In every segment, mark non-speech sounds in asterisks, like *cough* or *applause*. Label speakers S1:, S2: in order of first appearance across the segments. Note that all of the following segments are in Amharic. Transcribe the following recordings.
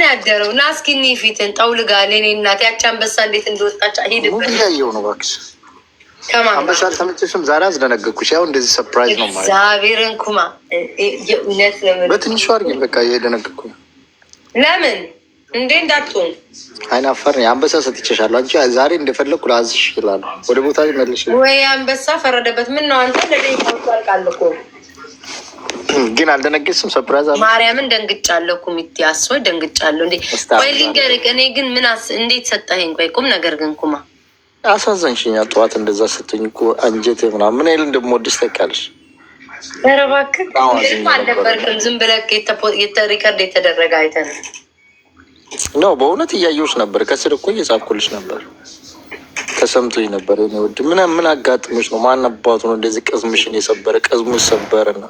S1: ነው ያደረው። እና እስኪኒ እኔ ፊትን ጠውልጋ ለኔ እናት ያቺ አንበሳ እንዴት እንደወጣች
S2: ሄድበት ያየው ነው እባክሽ። አንበሳ አልተመቸሽም? ዛሬ አስደነገኩሽ። ያው እንደዚህ ሰፕራይዝ ነው ማለት እግዚአብሔርን ኩማ
S1: የእውነት ለምን በትንሹ አድርጊ። በቃ የደነገኩ
S2: ለምን እንዴ እንዳትሆን አይናፈር
S1: አንበሳ ሰጥቼሻለሁ። አንቺ ዛሬ እንደፈለግኩ ላዝሽ ይችላሉ። ወደ ቦታ መልሽ ወይ አንበሳ ፈረደበት። ምን ነው አንተ ለደቂቃ አልቃል እኮ
S2: ግን አልደነገስም። ሰፕራይዝ
S1: ማርያምን ደንግጫለሁ። ኩሚቴ አስወ ደንግጫለሁ። እንዴ ወይ ልንገርህ፣ እኔ ግን ምን እንዴት ሰጠኸኝ? ቆይ ቁም ነገር ግን ኩማ
S2: አሳዘንሽኛ። ጠዋት እንደዛ ሰጠኝ እኮ አንጀት ምና ምን ይል እንደምወድስ ታውቂያለሽ።
S1: ኧረ እባክህ አልነበርክም። ዝም ብለህ ሪከርድ የተደረገ አይተህ
S2: ነው። በእውነት እያየሁሽ ነበር። ከስር እኮ እየጻፍኩልሽ ነበር። ተሰምቶኝ ነበር። እኔ ውድ ምን ምን አጋጥሞች ነው? ማን አባቱ ነው እንደዚህ ቅዝምሽን የሰበረ? ቅስሙ ሰበርና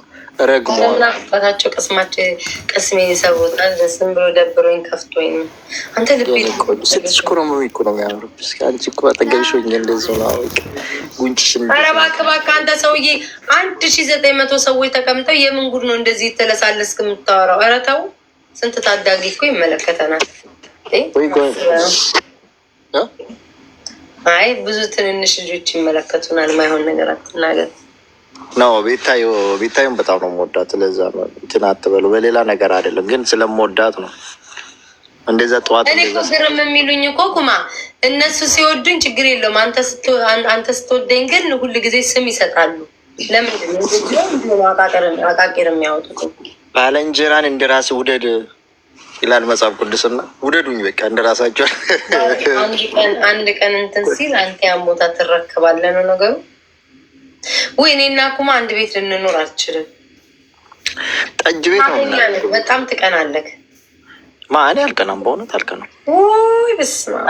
S1: ና አባታቸው ቅስማቸው ቅስሜ የሰሩት ዝም ብሎ ደብሮኝ ከፍቶኝ ነው። አንተ ልቤ
S2: ስትሽ ኮረመሚ ነው የሚያምርብሽ። አንቺ እኮ አጠገብሽ እንደዚህ ነው አወቅ ጉንጭሽ።
S1: ኧረ እባክህ እባክህ አንተ ሰውዬ አንድ ሺ ዘጠኝ መቶ ሰዎች ተቀምጠው የምን ጉድ ነው እንደዚህ የተለሳለስክ የምታወራው? ኧረ ተው። ስንት ታዳጊ እኮ ይመለከተናል ወይ አይ ብዙ ትንንሽ ልጆች ይመለከቱናል። ማይሆን ነገር አትናገር
S2: ነው። ቤታዮ ቤታዩን በጣም ነው የምወዳት። ለዛ ነው እንትን አትበሉ። በሌላ ነገር አይደለም፣ ግን ስለምወዳት ነው እንደዛ። ጠዋት
S1: እኔ እኮ ግርም የሚሉኝ እኮ ኩማ፣ እነሱ ሲወዱኝ ችግር የለውም። አንተ ስትወደኝ ግን ሁል ጊዜ ስም ይሰጣሉ። ለምንድን ነው አቃቂር የሚያወጡት?
S2: ባለእንጀራን እንደራስ ውደድ ይላል መጽሐፍ ቅዱስና ውደዱኝ በቃ እንደ ራሳቸው
S1: አንድ ቀን እንትን ሲል አንተ ያን ቦታ ትረከባለ ነው ነገሩ። ወይ እኔ እና ኩማ አንድ ቤት ልንኖር አልችልም።
S2: ጠጅ ቤት ነው
S1: በጣም ትቀናለህ።
S2: ማ እኔ አልቀናም፣ በእውነት አልቀናም።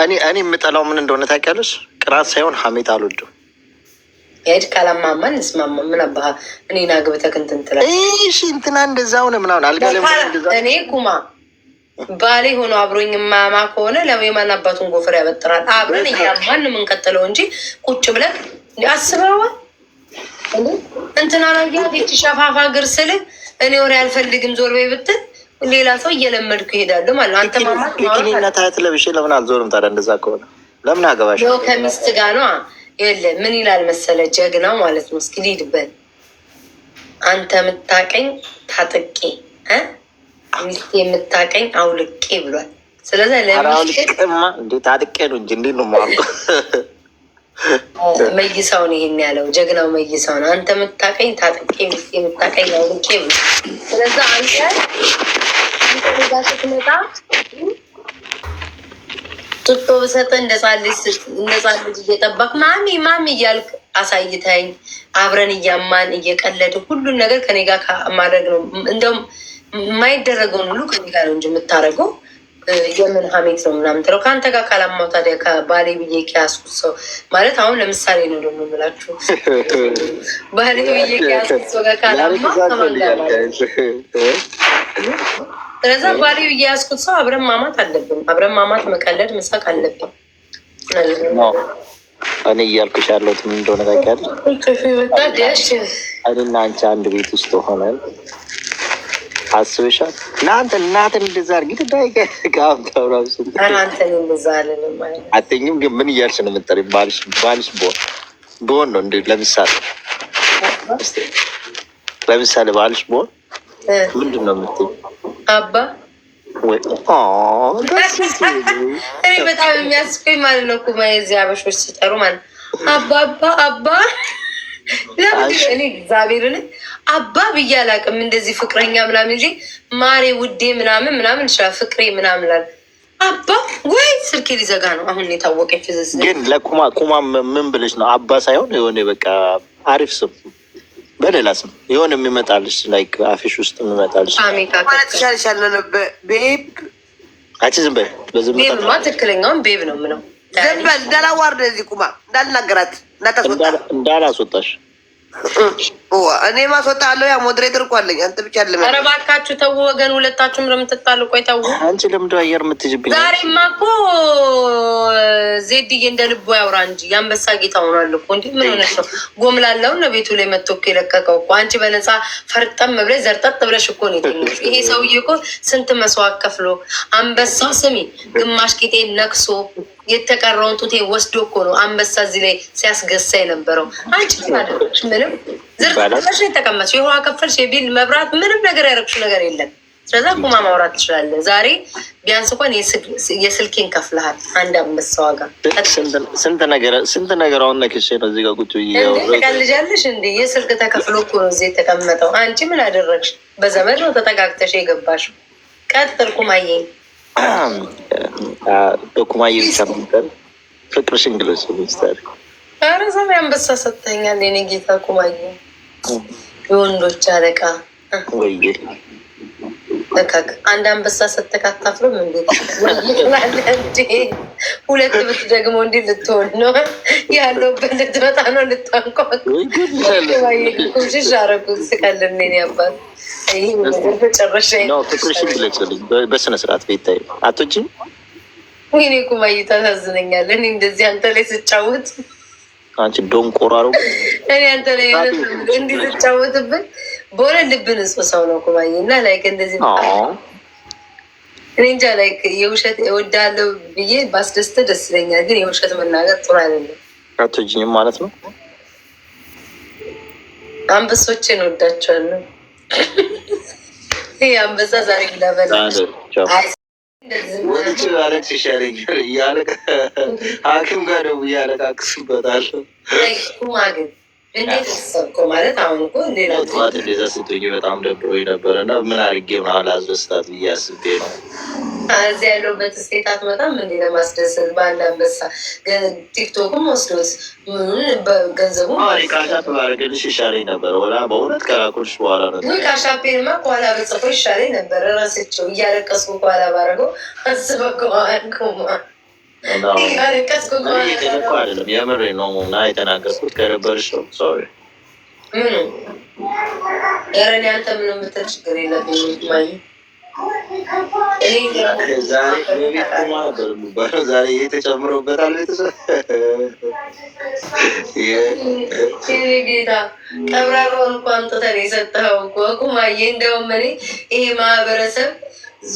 S2: እኔ እኔ የምጠላው ምን እንደሆነ ታውቂያለሽ? ቅናት ሳይሆን ሀሜት አልወድም።
S1: ሄድ ካላማማን እስማማ ምን አባ እኔን አግብተህ እንትን
S2: ትላለህ። እሺ እንትና እንደዛ ሆነ ምናምን
S1: አልጋ እኔ ኩማ ባሌ ሆኖ አብሮኝ ማማ ከሆነ የማን አባቱን ጎፈር ያበጥራል? አብረን እያማን የምንቀጥለው እንጂ ቁጭ ብለን አስበዋል። እንትና ላያት ሸፋፋ እግር ስል እኔ ወሬ አልፈልግም ዞር በይ ብትል ሌላ ሰው እየለመድኩ ይሄዳሉ ማለት አንተ
S2: ማማና ታያት ለብሼ ለምን አልዞርም ታዲያ? እንደዛ ከሆነ ለምን አገባሽ?
S1: ከሚስት ጋር ነው የለ ምን ይላል መሰለ ጀግና ማለት ነው። እስኪ ልሂድበት አንተ ምታቀኝ ታጥቄ ሚስቴ የምታቀኝ አውልቄ ብሏል። ስለዚህ
S2: ለአውልቄማ እንዴት አድቄ ነው እንጂ እንዴት ነው ማሉ
S1: መይሳውን ይህን ያለው ጀግናው መይሳውን አንተ የምታቀኝ ታጥቄ ሚስቴ የምታቀኝ አውልቄ ብሏል። ስለዛ አንተ ጋ ስትመጣ ጡጦ ብሰጥ እንደ ልጅ እየጠበቅ ማሚ ማሚ እያልክ አሳይተኝ አብረን እያማን እየቀለድ ሁሉን ነገር ከኔ ጋር ማድረግ ነው እንደውም የማይደረገውን ሁሉ ከኔ ጋር እንጂ የምታደርገው የምን ሀሜት ነው ምናምን ትለው ከአንተ ጋር ካላማው ታዲያ ከባሌ ብዬ ከያዝኩት ሰው ማለት አሁን ለምሳሌ ነው ደግሞ የምላችሁ *laughs* ባሌ ብዬ ከያዝኩት ሰው ጋር ካላማ ከማን ስለዛ ባሌ ብዬ ያዝኩት ሰው አብረን ማማት አለብን አብረን ማማት መቀለድ መሳቅ አለብን
S2: እኔ እያልኩሽ ያለሁት ምን እንደሆነ ታውቂያለሽ እኔና አንቺ አንድ ቤት ውስጥ ሆነን አስብሻል እናንተ እናንተ እንደዛ አድርጊ ትዳይቀ ከሀብታው ራሱ አትይኝም። ግን ምን እያልሽ ነው የምትጠሪው? ባልሽ ባልሽ ብሆን ብሆን ነው እንዴ? ለምሳሌ ለምሳሌ ባልሽ ብሆን ምንድን ነው የምትይኝ?
S1: አባ እኔ በጣም የሚያስቆኝ ማለት ነው እኮ የዚህ አበሾች ሲጠሩ ማለት አባ አባ አባ እኔ እግዚአብሔርን አባ ብዬ አላውቅም። እንደዚህ ፍቅረኛ ምናምን እንጂ ማሬ ውዴ ምናምን ምናምን ይችላል ፍቅሬ ምናምን ላል አባ ወይ ስልኬ ሊዘጋ ነው አሁን የታወቀ ፍዝዝ።
S2: ግን ለቁማ ቁማ ምን ብለሽ ነው አባ ሳይሆን የሆነ በቃ አሪፍ ስም በሌላ ስም የሆነ የሚመጣልሽ ላይክ አፊሽ ውስጥ የሚመጣልሽ ዝም በይ።
S1: ትክክለኛውን ቤብ ነው ምነው ዘንበል እንዳላዋርደ እዚህ ቁማ እንዳልናገራት እንዳታስወጣ እንዳላስወጣሽ Mm-hmm. እኔ ማስወጣ አለው። ያ ሞዴሬተር እኮ አለኝ። አንተ ብቻ አለ። ኧረ እባካችሁ ተው ወገን፣ ሁለታችሁም ለምትጣሉ ቆይ ተው።
S2: አንቺ ለምዶ አየር የምትጅብኝ
S1: ዛሬማ እኮ ዜድዬ እንደ ልቦ ያውራ እንጂ የአንበሳ ጌታ ሆኗል እኮ። እንዲ ምን ሆነሽ ነው? ጎምላለው ነው ቤቱ ላይ መጥቶ እኮ የለቀቀው እኮ። አንቺ በነፃ ፈርጠም ብለሽ ዘርጠጥ ብለሽ እኮ ነው የትንሽ ይሄ ሰውዬ እኮ ስንት መስዋዕት ከፍሎ አንበሳ፣ ስሚ ግማሽ ቂጤ ነክሶ የተቀረውን ጡቴ ወስዶ እኮ ነው አንበሳ እዚህ ላይ ሲያስገሳ የነበረው። አንቺ ምንም ዝርሽ የተቀመጥሽ የውሃ ከፈልሽ የቢል መብራት ምንም ነገር ያረግሹ ነገር የለም። ስለዛ ቁማ ማውራት ትችላለ። ዛሬ ቢያንስ እንኳን የስልኬን ከፍልሃል። አንድ አምስት ዋጋ
S2: ስንት ነገር አሁን ነክሽ በዚህ ጋር ቁጭ
S1: ልጃለሽ እንዲ የስልክ ተከፍሎ እኮ እዚህ የተቀመጠው አንቺ ምን አደረግሽ? በዘመድ ነው ተጠጋግተሽ የገባሽው። ቀጥል ቁማዬ፣
S2: በቁማዬ ሰምተን ፍቅርሽን ግለጽ ሚስተር
S1: ኧረ ሰማይ አንበሳ ሰጥተኛል የኔ ጌታ ቁማዬ የወንዶች አለቃ አንድ አንበሳ ሁለት ብት ደግሞ ልትሆን ነው ልትመጣ
S2: ነው በስነ ስርዓት ቤታይ አቶችም
S1: ይኔ ኩማይታ ታዝነኛለን እንደዚህ አንተ ላይ ስጫወት
S2: አንቺ ዶንቆራሮ
S1: እኔ አንተ ላይ እንዲህ ልጫወትብን በሆነ ልብ ንጹህ ሰው ነው ኩባዬ እና ላይክ እንደዚህ እኔ እንጃ ላይክ የውሸት እወዳለሁ ብዬ ባስደስተ ደስ ይለኛል፣ ግን የውሸት መናገር ጥሩ አይደለም።
S2: አትወጂኝም ማለት ነው።
S1: አንበሶቼን እወዳቸዋለሁ። ይህ አንበሳ ዛሬ
S2: ግዳበላ ወልጅ አለቅስ ይሻለኛል እያለ ሐኪም ጋር ደውዬ
S1: ማግን እንዴት አሰብከው? ማለት አሁን
S2: ስትሆኝ በጣም ደብሮ ነበረ እና ምን አድርጌ ምናምን ላስደስታት ብዬ አስቤ ነው።
S1: እዚህ ያለሁበት ስቴታት በጣም እንዲ ለማስደሰት በአንድ አንበሳ ቲክቶክም ወስዶት ገንዘቡ
S2: ካሻፕ ባደረግልሽ ይሻለኝ ነበረ። ወላ በእውነት ከላኩልሽ በኋላ ነው
S1: ካሻፔንማ ከኋላ በጽፎ ይሻለኝ ነበረ። ረስቸው እያለቀስኩ ከኋላ ባረገው አስበከዋልኩማ
S2: አይደለም የምሬ ነው እና የተናገርኩት ከነበርሽ ነው። ሶሪ
S1: ያረን አንተ ምንም ችግር
S2: ዛሬ ይሄ ተጨምሮበታል። ቤተሰብ
S1: ጌታ የሰጠኸው እኮ ኩማዬ፣ እንደውም እኔ ይሄ ማህበረሰብ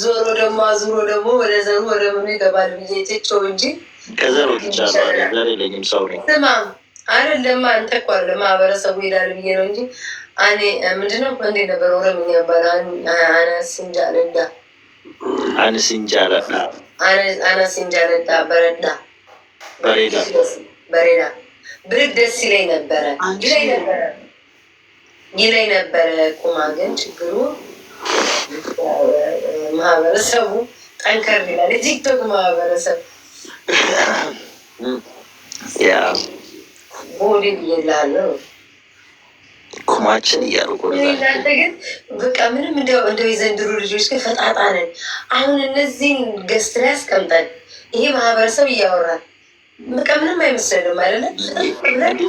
S1: ዞሮ ደግሞ አዙሮ ደግሞ ወደ ዘሩ ወደ ምኑ ይገባል ብዬ ጭጮው እንጂ
S2: ከዘሩ ትቻለዘር የለኝም ሰው ነኝ።
S1: ስማ አይደለም አንተ እኮ ለማህበረሰቡ ይሄዳል ብዬ ነው እንጂ አኔ ምንድነው እንዴ ነበር ኦሮምኛ ይባል አነስንጃለዳ
S2: አንስንጃለዳ
S1: አነስንጃለዳ በረዳ በሬዳ በሬዳ ብርግ ደስ ይለኝ ነበረ ይለኝ ነበረ ይለኝ ነበረ ቁማ ግን ችግሩ ማህበረሰቡ ጠንከር ይላል። የቲክቶክ ማህበረሰብ ሞዴል እየላለሁ
S2: ኩማችን እያሉ
S1: ግን በቃ ምንም እንደው የዘንድሮ ልጆች ግን ፈጣጣ ነን። አሁን እነዚህን ገስት ላይ ያስቀምጠን ይሄ ማህበረሰብ እያወራል በቃ ምንም አይመስለንም እኛ ልዩ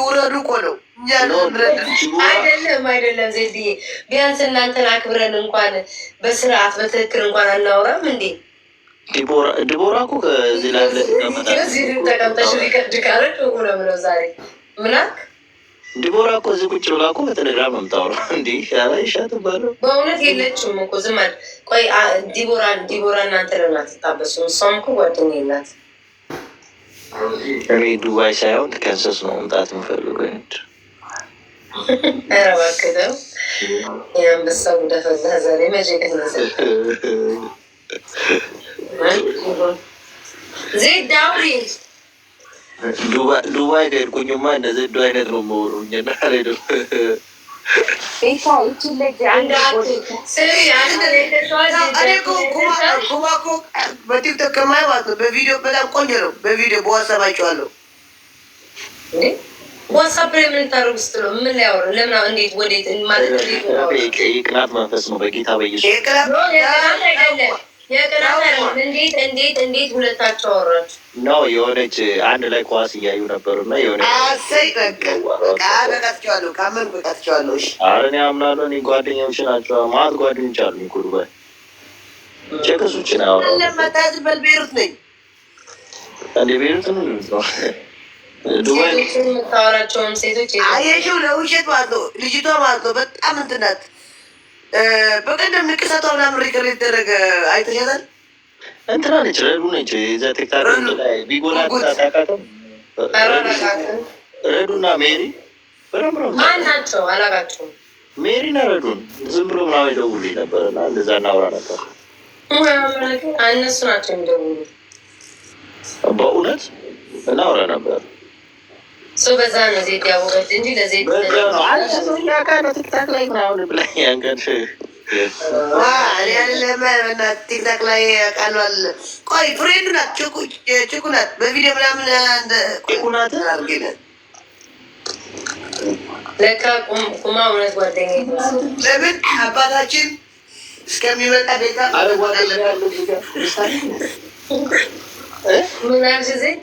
S1: ውረዱ እኮ ነው አይደለም አይደለም፣ ዜድዬ ቢያንስ እናንተን አክብረን እንኳን በስርዓት በትክክል እንኳን አናወራም እንዴ?
S2: ዲቦራ እኮ ከዚህ
S1: ተቀምጠሽ ነው ነው ዛሬ ምናክ
S2: ዲቦራ እኮ እዚህ ቁጭ ብላ እኮ ነው እንዲ ይሻ ትባለ
S1: በእውነት የለችም እኮ ዝም አለ። ቆይ ዲቦራ ዲቦራ እናንተ ለምን እሷም እኮ ናት።
S2: እኔ ዱባይ ሳይሆን ከንሰስ ነው መምጣት የምፈልገው
S1: አረባክተው የአንበሳ ጉዳፈላ ዛሬ መቼ
S2: ዱባይ ከሄድኩኝማ እንደዚህ ዱ አይነት ነው መሆኑኝ እና አልሄድም።
S1: በቲክቶክ ከማይዋት ነው። በቪዲዮ በጣም ቆንጆ ነው። በቪዲዮ በዋሳባቸዋለሁ ዋትሳፕ ላይ የምንታረግ ውስጥ ነው። ምን ላይ አወራን? ለምን እንዴት ወዴት ማለት ነው?
S2: የቅናት መንፈስ ነው። በጌታ
S1: በኢየሱስ እንዴት እንዴት እንዴት ሁለታቸው አወራችሁ
S2: ነው? የሆነች አንድ ላይ ኳስ እያዩ ነበሩ
S1: እና የሆነ አሰይ በቃትቸዋለሁ ከምን በቃትቸዋለሁ።
S2: ኧረ እኔ አምናለሁ። እኔ ጓደኛዎች ናቸው ማለት ጓደኞች አሉ ኩዱባይ ቸክሱችን
S1: አወራ ለመታዝበል ቤሩት ነኝ
S2: እንደ ቤሩት ነው
S1: የምታወራቸውም ሴቶች አየሽው፣ ለውሸት ማለት ነው። ልጅቷ ማለት ነው በጣም እንትን ናት። በቀደም ንቅሳቷ ምናምን ሪከር የተደረገ አይተሻታል።
S2: እንትና ነች ረዱ ነች። የዛ ቲክታክ ቢጎላ ረዱና ሜሪ
S1: ማን ናቸው አላቃቸውም።
S2: ሜሪና ረዱን ዝም ብሎ ምናምን ደውሉኝ ነበር እና እንደዛ እናውራ ነበር።
S1: እነሱ ናቸው የሚደውሉ
S2: በእውነት እናውራ ነበር።
S1: በዛ ነው ዜድ ያወቀች እንጂ ለዜድ ቲክታክ ላይ ምናምን ቆይ ፍሬንድ ናት፣ ችኩ ናት። በቪዲዮ ምናምን ቁናት አድርጌለት ለካ ቁማ እውነት ጓደኛ ለምን አባታችን እስከሚመጣ ቤታ ምን አልሽ ዜድ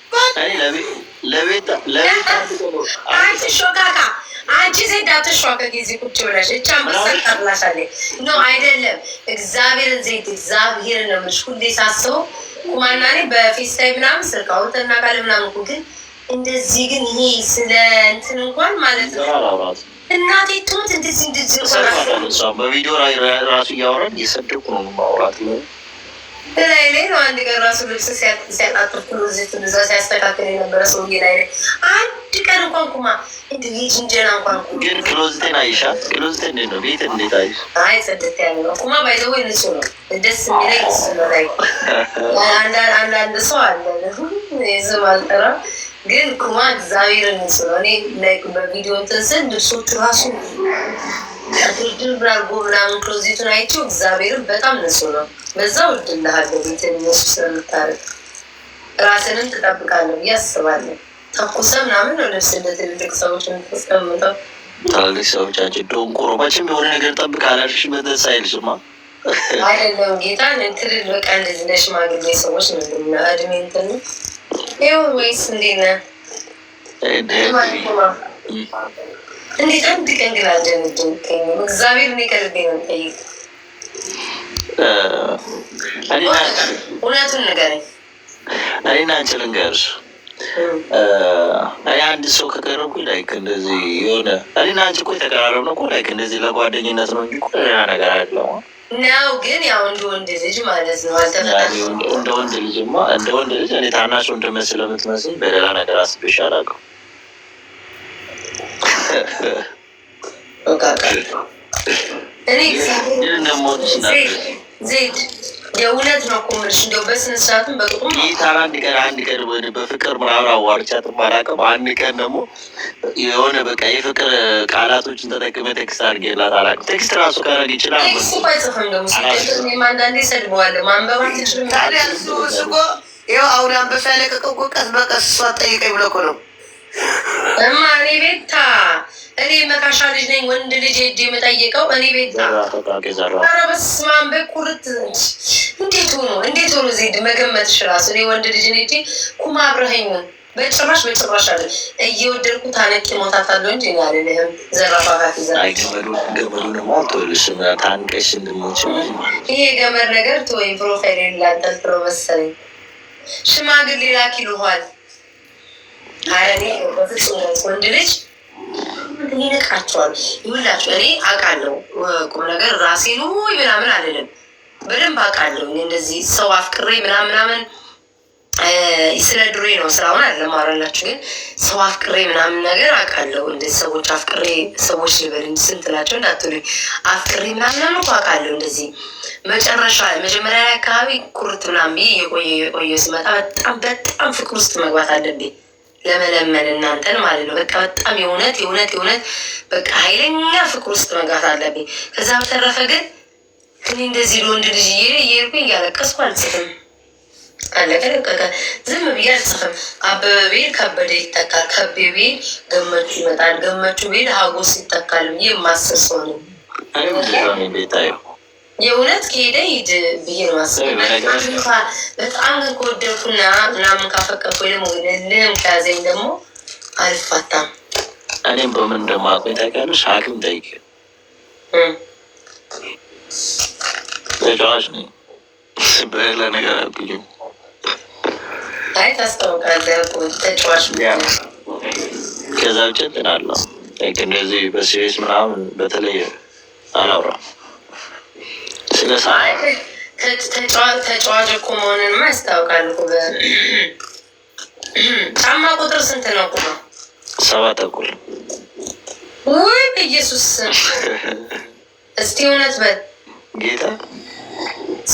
S1: አንቺ ሾካካ አንቺ ሴት አትሾከክ። እዚህ ቁጭ ብለሽ እቻ ኖ አይደለም፣ እግዚአብሔርን ዘይት እግዚአብሔርን ነው የምልሽ። ሁሌ ሳስበው ቁማና እኔ ምናምን ስልክ አውርተን እናውቃለን ምናምን ግን እንደዚህ ግን ይሄ ስለ እንትን እንኳን ማለት ነው እናቴ ትሙት እንደዚህ
S2: እንደዚህ በቪዲዮ ራሱ እያወራን እየሰደኩ ነው ማውራት
S1: ነው ላይ ላይ ነው። አንድ ቀን ራሱ ልብስ ሲያጣጥፍ ክሎዚት ብዛ ሲያስተካክል የነበረ ሰውዬ ላይ አንድ ቀን እንኳን ኩማ እንዲህ ጅንጀና እንኳን
S2: ግን ክሎዚቴን አይሻ ክሎዚቴ እንዴት ነው ቤት እንዴት አይሽ
S1: አይ ጸደት ያለ ነው ኩማ ባይዘው ንሱ ነው ደስ የሚለኝ እሱ ነው። ላይ አንዳንድ ሰው አለ ዝም አልጠራ ግን ኩማ እግዚአብሔር ንሱ ነው። እኔ ላይ በቪዲዮ ትንስን ልብሶቹ ራሱ ድርድር ብላ ጎብላ ክሎዚቱን አይቼው እግዚአብሔርን በጣም ንሱ ነው። በዛ ውድልሃለሁ ቤትን እነሱ ስለምታደርግ ራስንም ትጠብቃለህ ብዬ አስባለሁ። ተኩሰ ምናምን ነው ልብስ እንደ ትልልቅ ሰዎች የምትስቀምጠው።
S2: ታላልቅ ሰዎቻችን ዶንቆሮ መቼም የሆነ ነገር ጠብቅ አላልሽ መደስ አይልሽማ
S1: አይደለም ጌታ ንትልል በቃ እንደዚህ ሽማግሌ ሰዎች ነው ና እድሜ እንትን ይሁን ወይስ እንዴት ነህ? እንዴት አንድ ቀን ግን አልደንድንከኝ እግዚአብሔር እኔ ከልቤ ነው ጠይቅ እውነቱን ንገረኝ።
S2: እኔና አንቺ ልንገርሽ እኔ አንድ ሰው ከቀረብኩኝ ላይክ እንደዚህ የሆነ እኔና አንቺ እኮ የተቀራረብነው እኮ ላይክ እንደዚህ ለጓደኝነት ነው እንጂ እኮ ሌላ ነገር አለው ነው።
S1: ግን ያው እንደ ወንድ ልጅ ማለት
S2: ነው አልተፈጠረም። እንደ ወንድ ልጅማ እንደ ወንድ ልጅ እኔ ታናሽ ወንድሜ ስለምትመስል በሌላ ነገር አስቤሽ አላውቅም። እኔ ደግሞ
S1: ዘይድ የእውነት ነው እኮ እንደው በስነ ስርዓቱም በቅጡ
S2: ይታር አንድ ቀን አንድ ቀን ወደ በፍቅር ምናምን አዋርቻት ማላውቅም። አንድ ቀን ደግሞ የሆነ በቃ የፍቅር ቃላቶችን ተጠቅመ ቴክስት አድርጌላት አላውቅም። ቴክስት ራሱ ካረግ ይችላል።
S1: ቴክስት እኮ አይጽፍም። ደግሞ ሲቀጥል አንዳንዴ ሰድበዋለሁ። ማንበብ አትችልም። ታዲያ እሱ ስጎ ይኸው አሁን አንበሳ ያለቀቀው ቀስ በቀስ እሷ ጠይቀኝ ብሎ እኮ ነው እማ እኔ ቤታ እኔ መካሻ ልጅ ነኝ። ወንድ ልጅ ሄጄ የምጠይቀው እኔ ቤት ኧረ በስመ አብ በኩርት እንዴት ሆኖ እንዴት ሆኖ ዜድ መገመትሽ እራሱ እኔ ወንድ ልጅ ሄጄ ኩማ አብረኸኝ በጭራሽ በጭራሽ አለ እየወደድኩ ታነቂ ሞታት አለ እንጂ ያልልህም ዘራፋፋፊ ገመዱ ይሄ ገመድ ነገር ትወይ ፕሮፋይል ላጠፍሮ መሰለኝ ሽማግሌ ላኪ አረኔ አረ ወንድ ልጅ ይንቃቸዋል። ይውላቸው እኔ አውቃለሁ ቁም ነገር ራሴ ውይ ምናምን አልልም፣ በደንብ አውቃለሁ። እንደዚህ ሰው አፍቅሬ ምናምናምን ስለ ድሬ ነው ስራውን አለማውራላችሁ፣ ግን ሰው አፍቅሬ ምናምን ነገር አውቃለሁ። እንደ ሰዎች አፍቅሬ ሰዎች ልበል እንጂ ስንት ናቸው አፍቅሬ ምናምናምን እኮ አውቃለሁ። እንደዚህ መጨረሻ መጀመሪያ ላይ አካባቢ ኩርት ምናምን ብዬ የቆየ የቆየ ስመጣ በጣም በጣም ፍቅር ውስጥ መግባት አለብኝ ለመለመን እናንተን ማለት ነው። በቃ በጣም የእውነት የእውነት የእውነት በቃ ኃይለኛ ፍቅር ውስጥ መግባት አለብኝ። ከዛ በተረፈ ግን እኔ እንደዚህ ለወንድ ልጅ እየሄድኩኝ እያለቀስኩ አልጽፍም። አለቀ ለቀቀ። ዝም ብዬ አልጽፍም። አበበ ቤል ከበደ ይተካል፣ ከቤ ቤል ገመቹ ይመጣል፣ ገመቹ ቤል ሀጎስ ይተካል ብዬ የማስብ ሰው ነኝ። የእውነት ከሄደ ሂድ ብዬ ነው ማስበው። በጣም ግን ከወደድኩና ምናምን ካፈቀኩ ደግሞ ልህም ከያዘኝ ደግሞ አልፋታም።
S2: እኔም በምን እንደማቆይ ታውቂያለሽ? ሐኪም ጠይቅ። ተጫዋች ነኝ፣ በሌላ ነገር አብኝ።
S1: አይ ታስታውቃለህ፣ ተጫዋች
S2: ከዛ ብጭ እንትን አለው እንደዚህ በሲሪየስ ምናምን በተለየ አላውራም
S1: ተጫዋች እኮ መሆንንማ ያስታውቃል። ጫማ ቁጥር ስንት ነው? ቁመ
S2: ሰባ ተኩል
S1: ወይ በኢየሱስ እስቲ እውነት በል ጌታ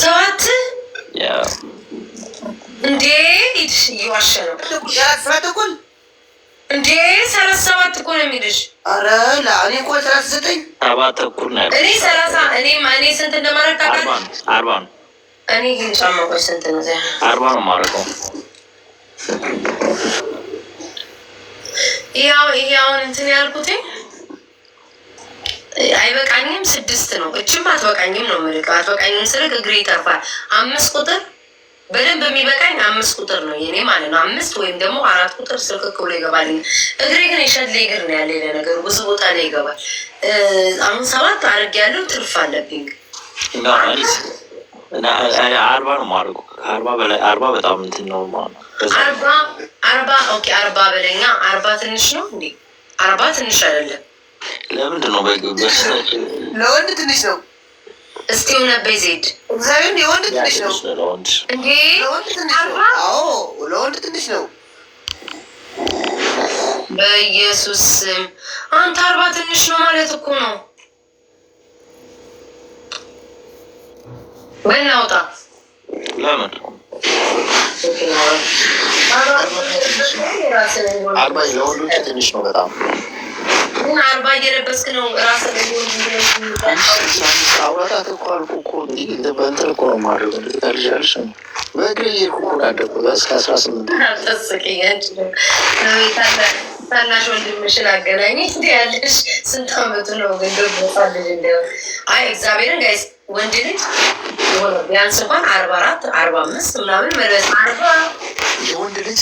S1: ሰባት እንዴ እየዋሸ ነው እንዴ ሰላሳ ሰባት እኮ ነው የሚልሽ። አረ እኔ እኮ ሰላሳ ዘጠኝ ሰባት ነው እኔ ሰላሳ እኔ እኔ ስንት እንደማረግ
S2: ታውቃለህ? አርባ ነው
S1: እኔ ግን ጫማ ቆይ ስንት ነው?
S2: አርባ ነው የማደርገው።
S1: ይኸው እንትን አይበቃኝም። ስድስት ነው እችም አትበቃኝም ነው የምልህ። አትበቃኝም ስልክ እግሬ ይጠርፋል። አምስት ቁጥር በደንብ የሚበቃኝ አምስት ቁጥር ነው የኔ ማለት ነው። አምስት ወይም ደግሞ አራት ቁጥር ስልክ ክብሎ ይገባል። እግሬ ግን የሸለ እግር ነው ያለ ነገሩ ብዙ ቦታ ላይ ይገባል። አሁን ሰባት አርግ ያለው ትርፍ አለብኝ
S2: አርባ ነው ማድረጉ አርባ በጣም እንትን ነው
S1: አርባ ኦኬ አርባ በለኛ አርባ ትንሽ ነው እንዴ አርባ ትንሽ አይደለም
S2: ለምንድን ነው
S1: ለወንድ ትንሽ ነው እስቲ እውነት በይ ዜድ የወንድ ትንሽ ነው እንዴ? ለወንድ ትንሽ ነው። በኢየሱስ ስም አንተ አርባ ትንሽ ነው ማለት እኮ ነው። በናውጣ
S2: ለምን አርባ ለወንዶች ትንሽ ነው በጣም
S1: አርባ እየለበስክ ነው ወንድ ልጅ ቢያንስ አርባ አራት አርባ አምስት ምናምን አርባ
S2: የወንድ ልጅ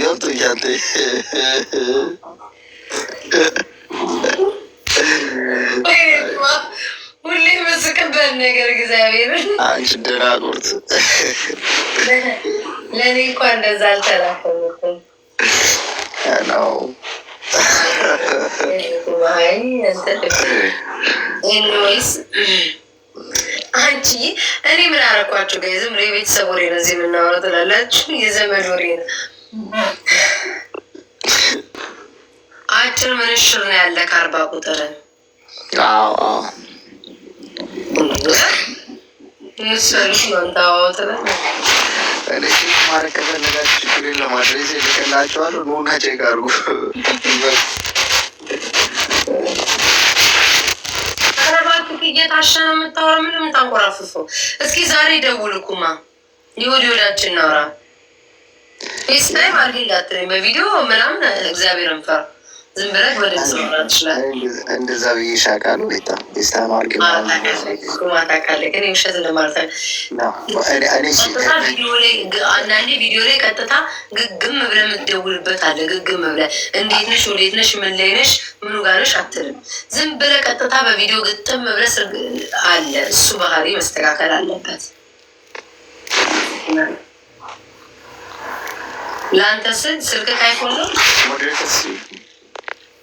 S2: ገብቶኛል።
S1: ሁሌ ምስቅበት ነገር እግዚአብሔር
S2: አንቺ ደናቁርት
S1: ለእኔ እንኳ እንደዛ አልተላከልኩም ነው ኢኖይስ አንቺ እኔ ምን አረኳቸው? ጋይ ዝም ብሎ የቤተሰብ ወሬ ነው እዚህ የምናወራው ትላላችሁ። የዘመድ ወሬ ነው። አጭር ምንሽር ነው ያለ ከአርባ ቁጥር
S2: ማድረግ ከፈለጋችሁ ችግር የለም። አድሬስ ልክላችኋለሁ። ኑና ቼክ አድርጉ።
S1: እየታሸ ነው የምታወራው? ምንም የምታንኮራፍፈው? እስኪ ዛሬ ደውል እኩማ የወዲ ወዳችን ናውራ ፌስ ታይም አድርጌላት በቪዲዮ ምናምን እግዚአብሔር እንፈራ ዝም ብለህ ወደ
S2: እንደዛ ብዬ ሻቃሉ ቤታ ማርግ ግን አንዳንዴ ቪዲዮ ላይ ቀጥታ ግግም ብለህ የምትደውልበት አለ። ግግም ብለህ እንዴት ነሽ፣ ወዴት ነሽ፣ ምን ላይ ነሽ፣ ምኑ ጋር ነሽ አትልም። ዝም ብለህ ቀጥታ በቪዲዮ ግጥም ብለህ አለ። እሱ ባህሪ መስተካከል አለበት። ለአንተ ስል ስልክ ካይኮን ነው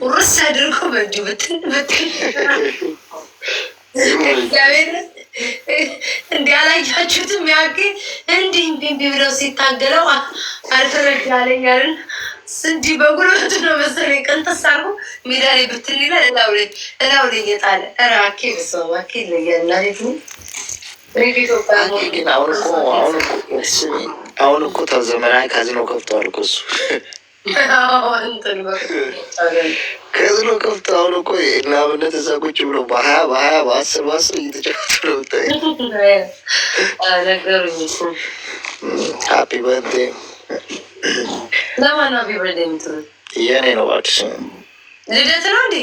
S2: ቁርስ አድርጎ በእጁ ብትን ብትን እግዚአብሔር እንዲህ አላያችሁትም? ያጌ እንዲህ ቢንቢ ብለው ሲታገለው አልተረዳ እንዲህ በጉልበቱ ነው መሰለኝ ቅንጥስ አድርጎ ሜዳ ላይ ብትን ይላል። እላው ላይ እላው ላይ እየጣለ ኧረ አኬ ብሰማ አኬ ለያና ሌት ግን አሁን እኮ አሁን እኮ ታዘመና ካዚኖ ከፍተዋል እኮ እሱ ከዝሎ ከፍት አሁን እኮ ለአብነት እዛ ቁጭ ብሎ በሀያ በሀያ በአስር በአስር እየተጫወቱ ነው ብታይ ነገሩኝ። ሀፒ በርዴ ለማን ሀፒ በርዴ የምትለው የእኔ ነው። ባዲስ ልደት ነው እንዴ?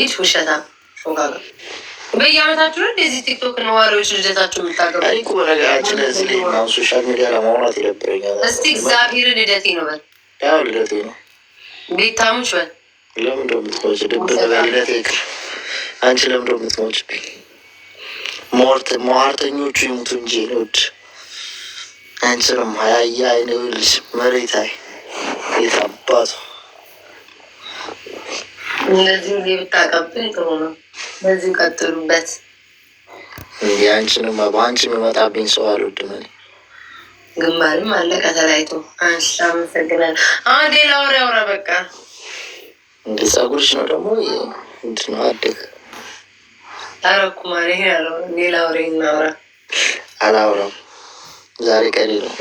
S2: ይድ ውሸታ በየአመታችሁ ነው እንደዚህ ቲክቶክ ነዋሪዎች ልደታችሁ የምታገባ? በነገራችን ለዚህ ላይ ሶሻል ሚዲያ ለማውራት ይደብረኛል። እስቲ እግዚአብሔርን ልደቴ ነው በል ያው ለምን ድብቅ አንቺ ለምን ይሙቱ እንጂ አንቺንም የታባቱ ጊዜ ብታቀብኝ ጥሩ ነው። በዚህ ቀጥሉበት እንዲህ አንቺንም በአንቺ የሚመጣብኝ ሰው አልወድም እኔ ግንባርም አለ ከተላይቶ አንሻ አመሰግናለሁ። አሁን ሌላ ወሬ አውራ በቃ። እንደ ጸጉርሽ ነው ደግሞ እንትን ነው አደግ አረኩ ይሄ ያለው ሌላ ወሬ እናውራ። አላውራም ዛሬ ቀሪ ነው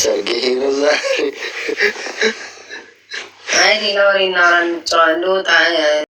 S2: ሰርግ ይሄ ነው ዛሬ። አይ ሌላ ወሬ እናውራ እንጫዋለን።